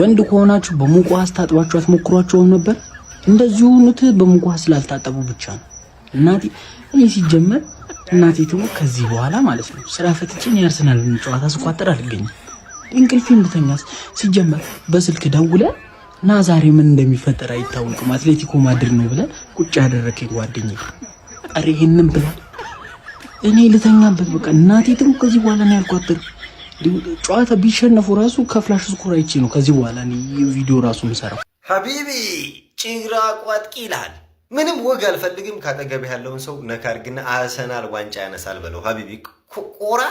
ወንድ ከሆናችሁ በሙቅ ውሃ ስታጥባችሁ አትሞክሯቸውም ነበር? እንደዚሁ ኑት። በሙቅ ውሃ ስላልታጠቡ ብቻ ነው። እናቴ እኔ ሲጀመር እናቴ ትሙት ከዚህ በኋላ ማለት ነው ስራ ፈትቼን ያርሰናል ጨዋታ ስቋጠር አልገኝም። እንቅልፍ እንድተኛስ ሲጀመር በስልክ ደውለ እና ዛሬ ምን እንደሚፈጠር አይታወቅም አትሌቲኮ ማድር ነው ብለን ቁጭ ያደረከኝ ጓደኛ አሬ ይህንም ብሏል። እኔ ልተኛበት በቃ እናቴ ትሙት ከዚህ በኋላ ነው ያልቋጠር ጨዋታ ቢሸነፉ ራሱ ከፍላሽ ስኮር አይቼ ነው ከዚህ በኋላ ቪዲዮ ራሱ ምሰራው። ሀቢቢ ጭራ ቋጥቂ ይልሃል። ምንም ወግ አልፈልግም። ካጠገብህ ያለውን ሰው ነካርግና አርሰናል ዋንጫ ያነሳል በለው። ሀቢቢ ቆራ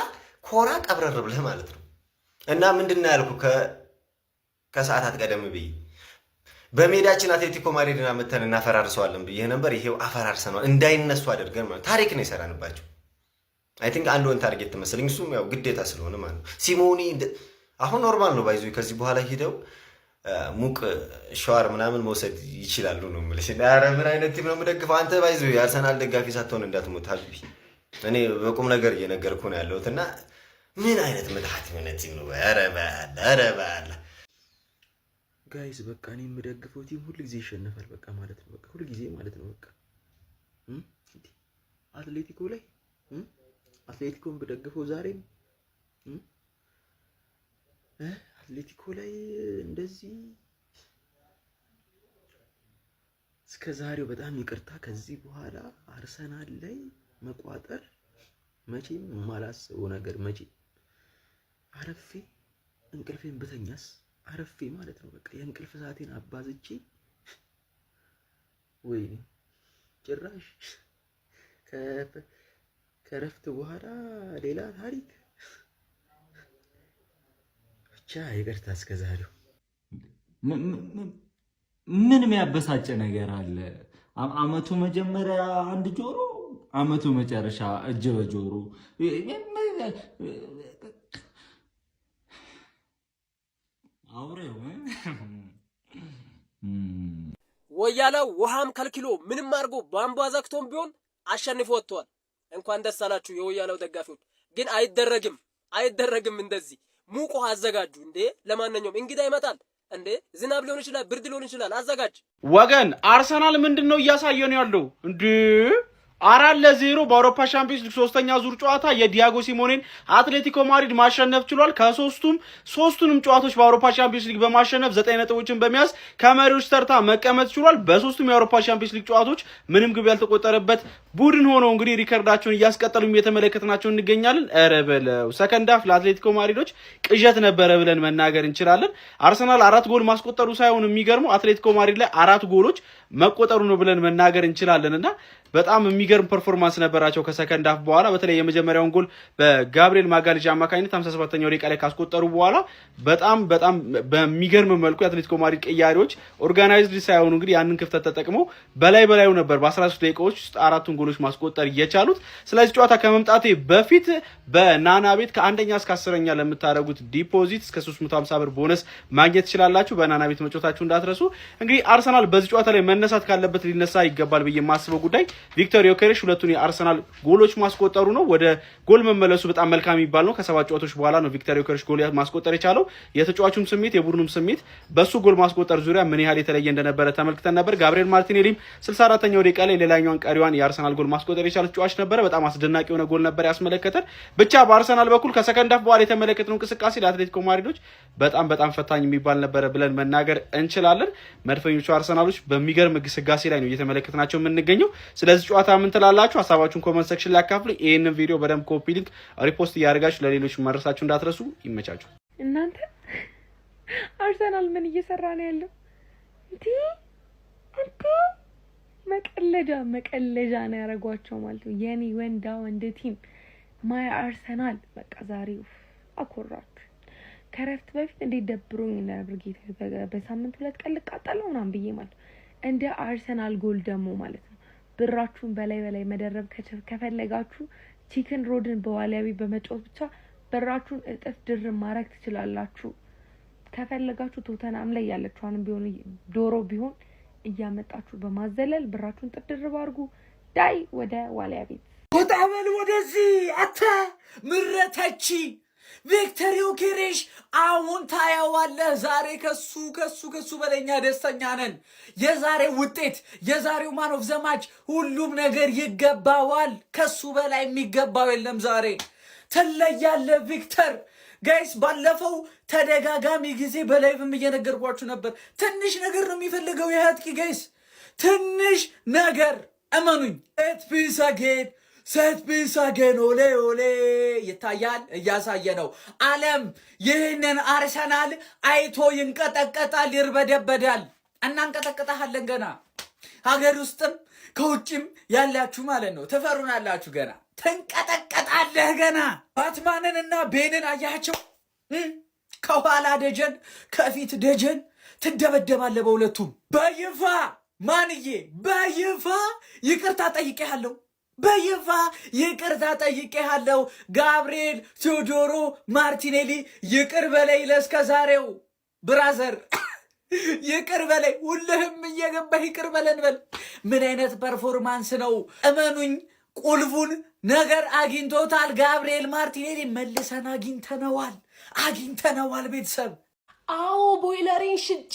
ኮራ ቀብረር ብለህ ማለት ነው። እና ምንድና ያልኩ ከሰዓታት ቀደም ብዬ በሜዳችን አትሌቲኮ ማድሪድን አመተን እናፈራርሰዋለን ብዬ ነበር። ይሄው አፈራርሰነዋል። እንዳይነሱ አድርገን ማለት ታሪክ ነው የሰራንባቸው። አይ ቲንክ አንድ ወን ታርጌት ትመስለኝ እሱም ያው ግዴታ ስለሆነ ማለት ነው። ሲሞኒ አሁን ኖርማል ነው ባይዞ ከዚህ በኋላ ሂደው ሙቅ ሸዋር ምናምን መውሰድ ይችላሉ ነው የምልሽ። ኧረ ምን አይነት ቲም ነው የምደግፈው አንተ ባይዞ የአርሰናል ደጋፊ ሳትሆን እንዳትሞት ሀቢ። እኔ በቁም ነገር እየነገርኩ ነው ያለሁት እና ምን አይነት ምትሀት ምነት ቲም ነው ኧረ በያለ ኧረ በያለ ጋይስ በቃ እኔ የምደግፈው ቲም ጊዜ ይሸነፋል። በቃ ማለት ነው በቃ ጊዜ ማለት ነው በቃ አትሌቲኮ ላይ አትሌቲኮን ብደግፈው ዛሬም አትሌቲኮ ላይ እንደዚህ እስከ ዛሬው በጣም ይቅርታ። ከዚህ በኋላ አርሰናል ላይ መቋጠር መቼም የማላስበው ነገር መቼ አረፌ እንቅልፌን ብተኛስ አረፌ ማለት ነው። በቃ የእንቅልፍ ሰዓቴን አባዝቼ ወይኔ ጭራሽ ከረፍት በኋላ ሌላ ታሪክ ብቻ። ይቅርታ እስከዛሬው። ምን የሚያበሳጭ ነገር አለ? አመቱ መጀመሪያ አንድ ጆሮ፣ አመቱ መጨረሻ እጅ በጆሮ አውሬው ወያለው ውሃም ከልክሎ ምንም አድርጎ ቧንቧ ዘግቶም ቢሆን አሸንፎ ወጥቷል። እንኳን ደስ አላችሁ የወያኔው ደጋፊዎች። ግን አይደረግም አይደረግም። እንደዚህ ሙቆ አዘጋጁ እንዴ! ለማንኛውም እንግዳ ይመጣል እንዴ! ዝናብ ሊሆን ይችላል፣ ብርድ ሊሆን ይችላል። አዘጋጅ ወገን። አርሰናል ምንድን ነው እያሳየ ነው ያለው እንዴ? አራት ለዜሮ በአውሮፓ ሻምፒዮንስ ሊግ ሶስተኛ ዙር ጨዋታ የዲያጎ ሲሞኔን አትሌቲኮ ማድሪድ ማሸነፍ ችሏል። ከሶስቱም ሶስቱንም ጨዋታዎች በአውሮፓ ሻምፒዮንስ ሊግ በማሸነፍ ዘጠኝ ነጥቦችን በመያዝ ከመሪዎች ተርታ መቀመጥ ችሏል። በሶስቱም የአውሮፓ ሻምፒዮንስ ሊግ ጨዋታዎች ምንም ግብ ያልተቆጠረበት ቡድን ሆነው እንግዲህ ሪከርዳቸውን እያስቀጠሉ እየተመለከትናቸው እንገኛለን። ኧረ በለው ሰከንድ ለአትሌቲኮ ማድሪዶች ቅዠት ነበረ ብለን መናገር እንችላለን። አርሰናል አራት ጎል ማስቆጠሩ ሳይሆን የሚገርመው አትሌቲኮ ማድሪድ ላይ አራት ጎሎች መቆጠሩ ነው ብለን መናገር እንችላለን እና በጣም የሚገርም ፐርፎርማንስ ነበራቸው ከሰከንድ አፍ በኋላ በተለይ የመጀመሪያውን ጎል በጋብሪኤል ማጋልጅ አማካኝነት 57ኛው ደቂቃ ላይ ካስቆጠሩ በኋላ በጣም በጣም በሚገርም መልኩ የአትሌቲኮ ማድሪድ ቅያሪዎች ኦርጋናይዝድ ሳይሆኑ እንግዲህ ያንን ክፍተት ተጠቅመው በላይ በላዩ ነበር በ13 ደቂቃዎች ውስጥ አራቱን ጎሎች ማስቆጠር የቻሉት። ስለዚህ ጨዋታ ከመምጣቴ በፊት በናና ቤት ከአንደኛ እስከ አስረኛ ለምታደርጉት ዲፖዚት እስከ 350 ብር ቦነስ ማግኘት ትችላላችሁ። በናና ቤት መጫወታችሁ እንዳትረሱ። እንግዲህ አርሰናል በዚህ ጨዋታ ላይ መነሳት ካለበት ሊነሳ ይገባል ብዬ የማስበው ጉዳይ ቪክቶር ዮኬሬሽ ሁለቱን የአርሰናል ጎሎች ማስቆጠሩ ነው። ወደ ጎል መመለሱ በጣም መልካም የሚባል ነው። ከሰባት ጨዋታዎች በኋላ ነው ቪክቶር ዮኬሬሽ ጎል ማስቆጠር የቻለው። የተጫዋቹም ስሜት የቡድኑም ስሜት በሱ ጎል ማስቆጠር ዙሪያ ምን ያህል የተለየ እንደነበረ ተመልክተን ነበር። ጋብሪኤል ማርቲኔሊም 64ኛው ደቂቃ ላይ ሌላኛዋን ቀሪዋን የአርሰናል አርሰናል ጎል ማስቆጠር የቻለ ተጫዋች ነበረ። በጣም አስደናቂ የሆነ ጎል ነበር ያስመለከተን። ብቻ በአርሰናል በኩል ከሰከንዳፍ በኋላ የተመለከትነው እንቅስቃሴ ለአትሌቲኮ ማድሪዶች በጣም በጣም ፈታኝ የሚባል ነበረ ብለን መናገር እንችላለን። መድፈኞቹ አርሰናሎች በሚገርም ግስጋሴ ላይ ነው እየተመለከትናቸው የምንገኘው። ስለዚህ ጨዋታ ምን ትላላችሁ? ሀሳባችሁን ኮመንት ሰክሽን ላይ አካፍሉ። ይህንን ቪዲዮ በደንብ ኮፒ ሊንክ፣ ሪፖስት እያደርጋችሁ ለሌሎች ማድረሳችሁ እንዳትረሱ። ይመቻችሁ። እናንተ አርሰናል ምን እየሰራ ነው ያለው? መቀለጃ መቀለጃ ነው ያደረጓቸው ማለት ነው። የኔ ወንዳ ወንድ ቲም ማያ አርሰናል በቃ ዛሬ አኮራችሁ። ከረፍት በፊት እንዴት ደብሮኝ እንደነበር ጌታ በሳምንት ሁለት ቀን ልቃጠለው ምናምን ብዬ ማለት እንደ አርሰናል ጎል ደግሞ ማለት ነው ብራችሁን በላይ በላይ መደረብ ከፈለጋችሁ ቺክን ሮድን በዋሊያዊ በመጫወት ብቻ ብራችሁን እጥፍ ድር ማድረግ ትችላላችሁ። ከፈለጋችሁ ቶተናም ላይ ያለችኋንም ቢሆን ዶሮ ቢሆን እያመጣችሁ በማዘለል ብራችሁን ጥድርብ አድርጉ። ዳይ ወደ ዋልያ ቤት ወጣ በል ወደዚህ አታ ምረተቺ ቪክተሪው ኦኬሬሽ አሁን ታያዋለህ። ዛሬ ከሱ ከሱ ከሱ በለኛ ደስተኛ ነን። የዛሬው ውጤት የዛሬው ማን ኦፍ ዘማች ሁሉም ነገር ይገባዋል። ከሱ በላይ የሚገባው የለም። ዛሬ ትለያለህ ቪክተር ጋይስ ባለፈው ተደጋጋሚ ጊዜ በላይቭም እየነገርኳችሁ ነበር። ትንሽ ነገር ነው የሚፈልገው ይህ ጋይስ፣ ትንሽ ነገር እመኑኝ። ሴት ፒስ አጌን ሴት ፒስ አጌን ኦሌ ኦሌ ይታያል፣ እያሳየ ነው። ዓለም ይህንን አርሰናል አይቶ ይንቀጠቀጣል፣ ይርበደበዳል። እናንቀጠቀጣሃለን ገና ሀገር ውስጥም ከውጭም ያላችሁ ማለት ነው። ትፈሩናላችሁ ገና ትንቀጠቀጣለህ ገና። ባትማንን እና ቤንን አያቸው። ከኋላ ደጀን፣ ከፊት ደጀን ትደበደባለህ በሁለቱም በይፋ ማንዬ በይፋ ይቅርታ ጠይቄሃለሁ። በይፋ ይቅርታ ጠይቄሃለሁ። ጋብርኤል ቴዎዶሮ ማርቲኔሊ ይቅር በለይ፣ ለእስከ ዛሬው ብራዘር ይቅር በለይ። ሁልህም እየገባህ ይቅር በለን በል። ምን አይነት ፐርፎርማንስ ነው? እመኑኝ ቁልፉን ነገር አግኝቶታል። ጋብርኤል ማርቲኔሊ መልሰን አግኝተነዋል አግኝተነዋል። ቤተሰብ አዎ፣ ቦይለሬን ሽጬ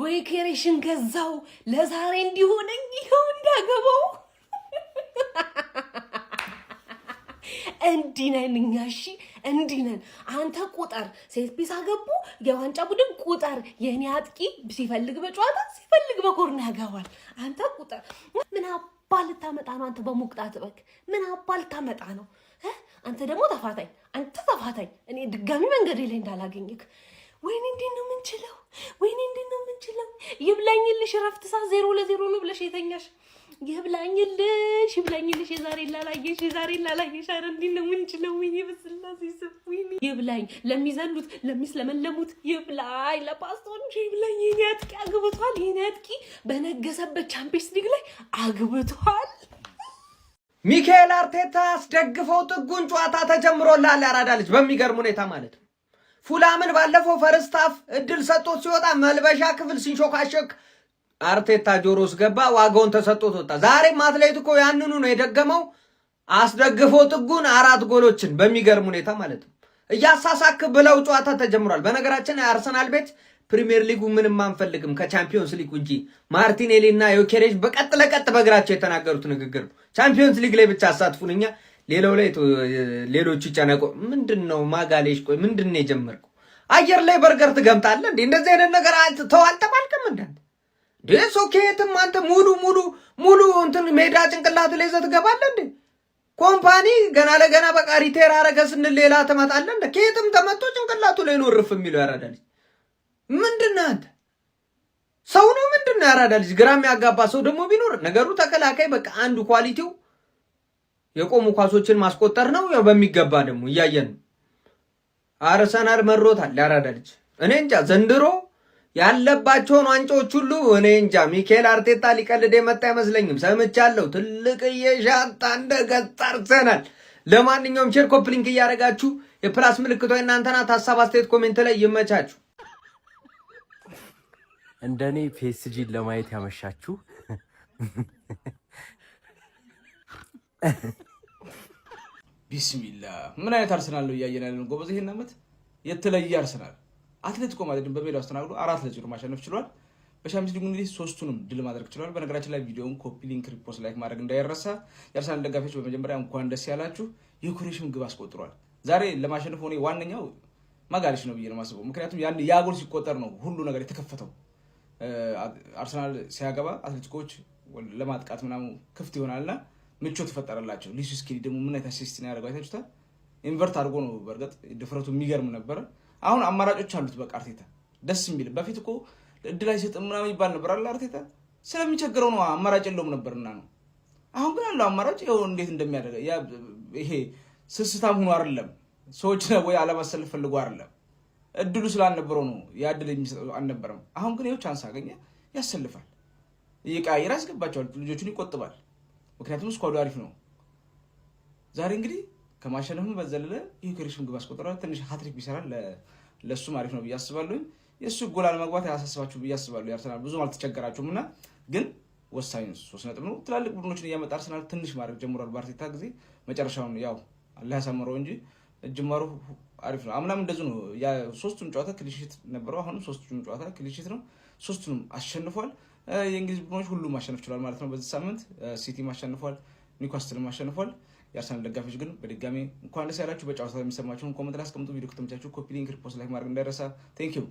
ጎይኬሬሽን ገዛው። ለዛሬ እንዲሆነኝ ይኸው እንዳገባው እንዲነን ነን እኛ። እሺ እንዲህ አንተ ቁጠር። ሴት ፒስ አገቡ የዋንጫ ቡድን ቁጠር። የእኔ አጥቂ ሲፈልግ በጨዋታ ሲፈልግ በኮርና ያገባል። አንተ ቁጠር ምናምን አባ ልታመጣ ነው አንተ በሞቅጣት በግ ምን አባ ልታመጣ ነው አንተ ደግሞ ተፋታኝ አንተ ተፋታኝ እኔ ድጋሚ መንገድ ላይ እንዳላገኝክ ወይኔ እንዴት ነው የምንችለው ወይኔ እንዴት ነው የምንችለው ይብላኝልሽ እረፍት ሰዓት ዜሮ ለዜሮ ነው ብለሽ የተኛሽ ይብላኝልሽ ይብላኝልሽ የዛሬ ላላየሽ የዛሬ ላላየሽ አረ እንዲህ ነው እንጂ ነው ወይ በስላሴ ይስፉኝ ይብላኝ ለሚዘሉት ለሚስለመለሙት ይብላኝ ለፓስቶች ይብላኝ ይህኔ አጥቂ አግብቷል ይህኔ አጥቂ በነገሰበት ቻምፒየንስ ሊግ ላይ አግብቷል ሚካኤል አርቴታ አስደግፈው ጥጉን ጨዋታ ተጀምሮላል ያራዳ ልጅ በሚገርም ሁኔታ ማለት ነው ፉላምን ባለፈው ፈርስታፍ እድል ሰጥቶት ሲወጣ መልበሻ ክፍል ሲንሾካሸክ አርቴታ ጆሮ ስገባ ዋጋውን ተሰጥቶት ወጣ። ዛሬ አትሌት እኮ ያንኑ ነው የደገመው። አስደግፎ ጥጉን አራት ጎሎችን በሚገርም ሁኔታ ማለት ነው እያሳሳክ ብለው ጨዋታ ተጀምሯል። በነገራችን የአርሰናል ቤት ፕሪሚየር ሊጉ ምንም አንፈልግም ከቻምፒዮንስ ሊግ እንጂ ማርቲኔሊ እና ዮኬሬሽ በቀጥ ለቀጥ በእግራቸው የተናገሩት ንግግር ነው። ቻምፒዮንስ ሊግ ላይ ብቻ አሳትፉን እኛ ሌላው ላይ ሌሎቹ ጨነቆ ምንድን ነው ማጋሌሽ? ቆይ ምንድን ነው የጀመርከው? አየር ላይ በርገር ትገምጣለህ እንዴ? እንደዚህ አይነት ነገር ተዋልተባልከም እንዳንተ ደሶ ከየትም አንተ ሙሉ ሙሉ ሙሉ እንትን ሜዳ ጭንቅላት ላይ ይዘህ ትገባለህ እንዴ? ኮምፓኒ ገና ለገና በቃ ሪቴር አረገ ስንል ሌላ ትመጣለህ እንደ ከየትም ተመቶ ጭንቅላቱ ላይ ኖርፍ የሚለው ያራዳ ልጅ። ምንድን ነህ አንተ? ሰው ነው ምንድን ነው ያራዳ ልጅ? ግራ የሚያጋባ ሰው ደግሞ ቢኖር ነገሩ ተከላካይ በቃ አንዱ ኳሊቲው የቆሙ ኳሶችን ማስቆጠር ነው። ያው በሚገባ ደግሞ እያየን አርሰናል መሮታል ያራዳ ልጅ። እኔ እንጃ ዘንድሮ ያለባቸውን ዋንጫዎች ሁሉ እኔ እንጃ ሚካኤል አርቴታ ሊቀልድ የመጣ አይመስለኝም። ሰምቻለሁ ትልቅዬ ሻንጣ እንደገዛ አርሰናል። ለማንኛውም ሼር ኮፕሊንክ እያደረጋችሁ የፕላስ ምልክቷ እናንተና ናት። ሀሳብ አስተያየት ኮሜንት ላይ ይመቻችሁ። እንደኔ ፒኤስጂን ለማየት ያመሻችሁ ቢስሚላ ምን አይነት አርሰናል ነው እያየን ያለን ጎበዝ? ይሄን የተለየ አርሰናል አትሌቲኮ ማድሪድን በሜዳው አስተናግዶ አራት ለዜሮ ማሸነፍ ችሏል። በሻምፒዮንስ ሊግ እንግዲህ ሶስቱንም ድል ማድረግ ችሏል። በነገራችን ላይ ቪዲዮውን ኮፒ ሊንክ፣ ሪፖስት፣ ላይክ ማድረግ እንዳይረሳ። የአርሰናል ደጋፊዎች በመጀመሪያ እንኳን ደስ ያላችሁ። የኩሬሽም ግብ አስቆጥሯል። ዛሬ ለማሸነፍ ሆኔ ዋነኛው ማጋሊሽ ነው ብዬ ነው የማስበው። ምክንያቱም ያን ያ ጎል ሲቆጠር ነው ሁሉ ነገር የተከፈተው። አርሰናል ሲያገባ አትሌቲኮች ለማጥቃት ምናምን ክፍት ይሆናልና ምቾት ተፈጠረላቸው። ሊሱ ስኬሊ ደግሞ ምን አይነት አሲስት ነው ያደረገው? አይታችሁታል። ኢንቨርት አድርጎ ነው። በእርግጥ ድፍረቱ የሚገርም ነበረ። አሁን አማራጮች አሉት። በቃ አርቴታ ደስ የሚል በፊት እኮ እድል አይሰጥም ምናምን ይባል ነበር አለ አርቴታ። ስለሚቸግረው ነው አማራጭ የለውም ነበርና ነው። አሁን ግን አለው አማራጭ። ይኸው እንዴት እንደሚያደርግ ይሄ ስስታም ሆኖ አይደለም ሰዎች ወይ አለማሰለፍ ፈልጎ አይደለም እድሉ ስላልነበረው ነው። ያ እድል የሚሰጠው አልነበረም። አሁን ግን ይኸው ቻንስ አገኘ፣ ያሰልፋል፣ እየቀያየር ያስገባቸዋል፣ ልጆቹን ይቆጥባል። ምክንያቱም እስኳዱ አሪፍ ነው። ዛሬ እንግዲህ ከማሸነፍም በዘለለ የዩክሬሽ ምግብ አስቆጠረ ትንሽ ሀትሪክ ቢሰራል ለእሱም አሪፍ ነው ብዬ አስባለሁ። የእሱ ጎል አለመግባት ያሳስባችሁ ብዬ አስባለሁ። የአርሰናል ብዙም አልተቸገራችሁም እና ግን ወሳኝ ሶስት ነጥብ ነው። ትላልቅ ቡድኖችን እያመጣ አርሰናል ትንሽ ማድረግ ጀምሯል። በአርቴታ ጊዜ መጨረሻውን ያው አላህ እንጂ ጅማሩ አሪፍ ነው። አምናም እንደዚሁ ነው። ሶስቱም ጨዋታ ክሊሽት ነበረው። አሁንም ሶስቱም ጨዋታ ክሊሽት ነው። ሶስቱንም አሸንፏል። የእንግሊዝ ቡድኖች ሁሉም ማሸነፍ ችሏል ማለት ነው። በዚህ ሳምንት ሲቲም አሸንፏል፣ ኒውካስትልም አሸንፏል። የአርሰናል ደጋፊዎች ግን በድጋሚ እንኳን ደስ ያላችሁ። በጨዋታ የሚሰማችሁን ኮመንት ላይ አስቀምጡ። ቪዲዮ ከተመቻችሁ ኮፒ ሊንክ፣ ሪፖስት ላይ ማድረግ እንዳይረሳ። ቴንክ ዩ።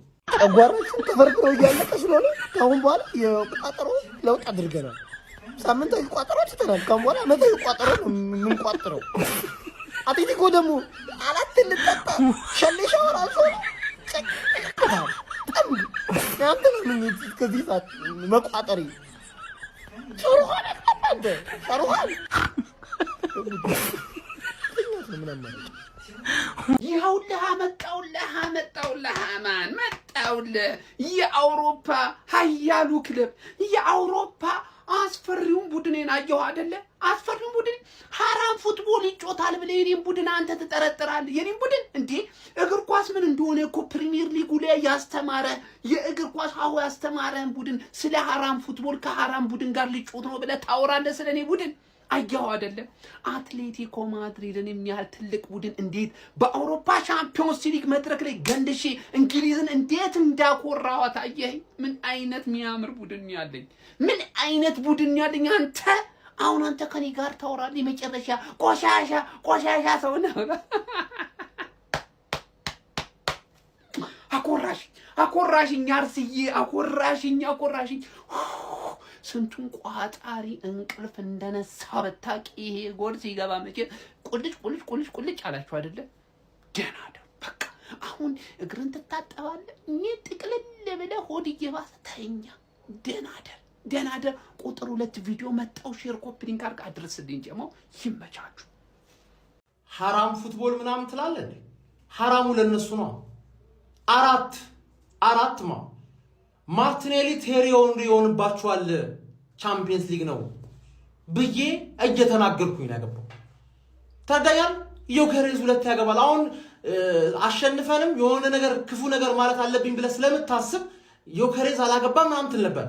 ጨጓራችሁ ተፈርግሮ እያለቀ ስለሆነ ከአሁን በኋላ የቋጠሮ ለውጥ አድርገናል። ሳምንታዊ ቋጠሮ ትተናል። ከአሁን በኋላ ዓመታዊ ቋጠሮ ነው የምንቋጥረው። አትሌቲኮ ደግሞ አራት ልጠጣ ሸሌሻ ራሱ ከዚህ ሰዓት መቋጠሪ ሩሃን ይኸውልህ መጣውልህ መጣውልህ ማን መጣውልህ የአውሮፓ ሀያሉ ክለብ የአውሮፓ አስፈሪውን ቡድን አየሁ አይደለ? አስፈሪውን ቡድን ሀራም ፉትቦል ይጮታል ብለህ የኔን ቡድን አንተ ትጠረጥራለህ? የኔን ቡድን እንዴ! እግር ኳስ ምን እንደሆነ እኮ ፕሪሚየር ሊጉ ላይ ያስተማረ የእግር ኳስ ሀሁ ያስተማረን ቡድን ስለ ሀራም ፉትቦል ከሀራም ቡድን ጋር ሊጮት ነው ብለህ ታወራለህ ስለ እኔ ቡድን አያው አይደለም አትሌቲኮ ማድሪድን የሚያህል ትልቅ ቡድን እንዴት በአውሮፓ ሻምፒዮንስ ሊግ መድረክ ላይ ገንድሼ እንግሊዝን እንዴት እንዳኮራዋት አየኸኝ። ምን አይነት የሚያምር ቡድን ያለኝ፣ ምን አይነት ቡድን ያለኝ። አንተ አሁን አንተ ከኔ ጋር ታወራለህ? የመጨረሻ ቆሻሻ ቆሻሻ ሰው ነው። አኮራሽኝ፣ አኮራሽኝ፣ አርስዬ፣ አኮራሽኝ፣ አኮራሽኝ ስንቱን ቋጣሪ እንቅልፍ እንደነሳ በታቂ ይሄ ጎል ሲገባ መቼ ቁልጭ ቁልጭ ቁልጭ ቁልጭ አላችሁ አይደለ? ደህና ደው በቃ አሁን እግርን ትታጠባለህ። እኔ ጥቅልል ብለህ ሆድ እየባሰ ተኛ። ደህና ደር ደህና ደር። ቁጥር ሁለት ቪዲዮ መጣው። ሼር ኮፒሊንክ አድርግ አድርስልኝ። ጀሞ ይመቻችሁ። ሀራም ፉትቦል ምናምን ትላለህ። ሀራሙ ለነሱ ነው። አራት አራት ነው ማርቲኔሊ ቴሪዮን ይሆንባችኋል ቻምፒየንስ ሊግ ነው ብዬ እየተናገርኩኝ ነው ያገባው። ታዳያን ዮከሬዝ ሁለት ያገባል። አሁን አሸንፈንም የሆነ ነገር ክፉ ነገር ማለት አለብኝ ብለህ ስለምታስብ ዮከሬዝ አላገባም ምናምን ነበር።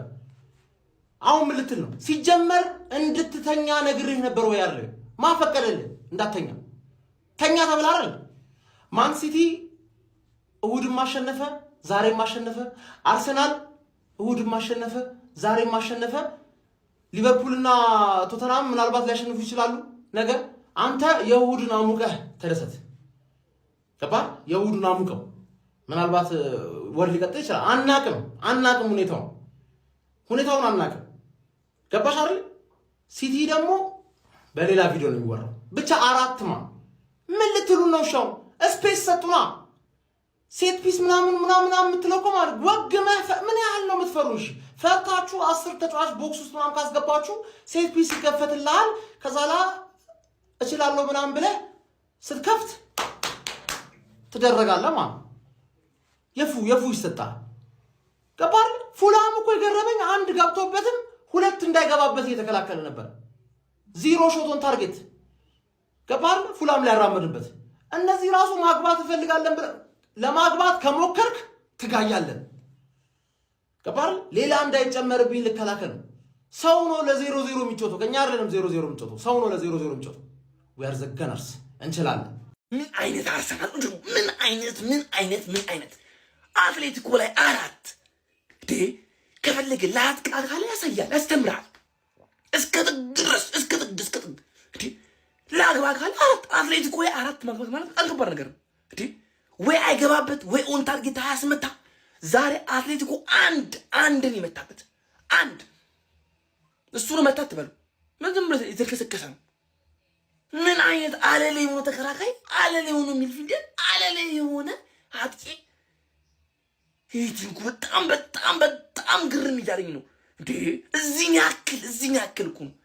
አሁን ምን ልትል ነው? ሲጀመር እንድትተኛ ነግሬህ ነበር ወይ አለ ማፈቀደልህ እንዳተኛ ተኛ አይደል? ማን ሲቲ እሑድም አሸነፈ፣ ዛሬም አሸነፈ አርሰናል እሁድ አሸነፈ፣ ዛሬም አሸነፈ። ሊቨርፑልና ቶተናም ምናልባት ሊያሸንፉ ይችላሉ ነገ። አንተ የእሑድን አሙቀህ ተደሰት። ገባ? የእሑድን አሙቀው። ምናልባት ወር ሊቀጥል ይችላል። አናቅም አናቅም፣ ሁኔታውን ሁኔታውን አናቅም። ገባሽ አይደል? ሲቲ ደግሞ በሌላ ቪዲዮ ነው የሚወራው። ብቻ ማ ምን ልትሉ ነው? ሻው ስፔስ ሰጡና ሴት ፒስ ምናምን ምናምን የምትለው ማለት ምን ያህል ነው የምትፈሩሽ? ፈርታችሁ አስር ተጫዋች ቦክስ ውስጥ ምናምን ካስገባችሁ ሴት ፒስ ይከፈትልሃል። ከዛ ላ እችላለሁ ምናምን ብለህ ስትከፍት ትደረጋለህ ማለት የፉ የፉ ይሰጣል። ገባል። ፉላም እኮ የገረመኝ አንድ ገብቶበትም ሁለት እንዳይገባበት እየተከላከለ ነበር። ዚሮ ሾቶን ታርጌት ገባል። ፉላም ላያራምድበት እነዚህ ራሱ ማግባት እፈልጋለን ብለህ ለማግባት ከሞከርክ ትጋያለን። ገባል። ሌላ እንዳይጨመርብኝ ልከላከል ነው። ሰው ነው ለዜሮ ዜሮ የሚጮተው፣ ከኛ አይደለም ዜሮ ዜሮ የሚጮተው፣ ሰው ነው ለዜሮ ዜሮ የሚጮተው። ዊያር ዘገነርስ እንችላለን። ምን አይነት አርሰናል! ምን አይነት ምን አይነት ምን አይነት አትሌቲኮ ላይ አራት ዴ ከፈለገ ላት ቃል ካለ ያሳያል፣ ያስተምራል እስከ ጥግ ድረስ እስከ ጥግ እስከ ጥግ። ለአግባ ካለ አራት አትሌቲኮ ላይ አራት ማግባት ማለት አልከባድ ነገር ነው። ወይ አይገባበት ወይ ኦን ታርጌት አያስመታ። ዛሬ አትሌቲኮ አንድ አንድን የመታበት አንድ እሱን መታ ትበሉ ምንም የተልከሰከሰ ነው። ምን አይነት አለሌ የሆነ ተከራካይ አለሌ የሆነ ሚድፊልደር አለሌ የሆነ አጥቂ ሄቲንኩ በጣም በጣም በጣም ግርም እያለኝ ነው እንዴ! እዚህን ያክል እዚህን ያክል እኮ ነው።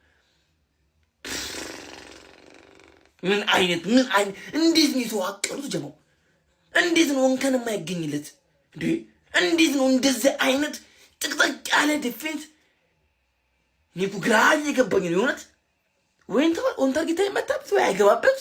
ምን አይነት ምን አይነት እንዴት ነው የተዋቀሩት ጀማው እንዴት ነው እንከን የማይገኝለት እንዴ? እንዴት ነው እንደዚህ አይነት ጥቅጥቅ ያለ ዲፌንስ? እኔ እኮ ግራ እየገባኝ ነው የእውነት። ወይን ኦን ታርጌት መታበት ወይ አይገባበት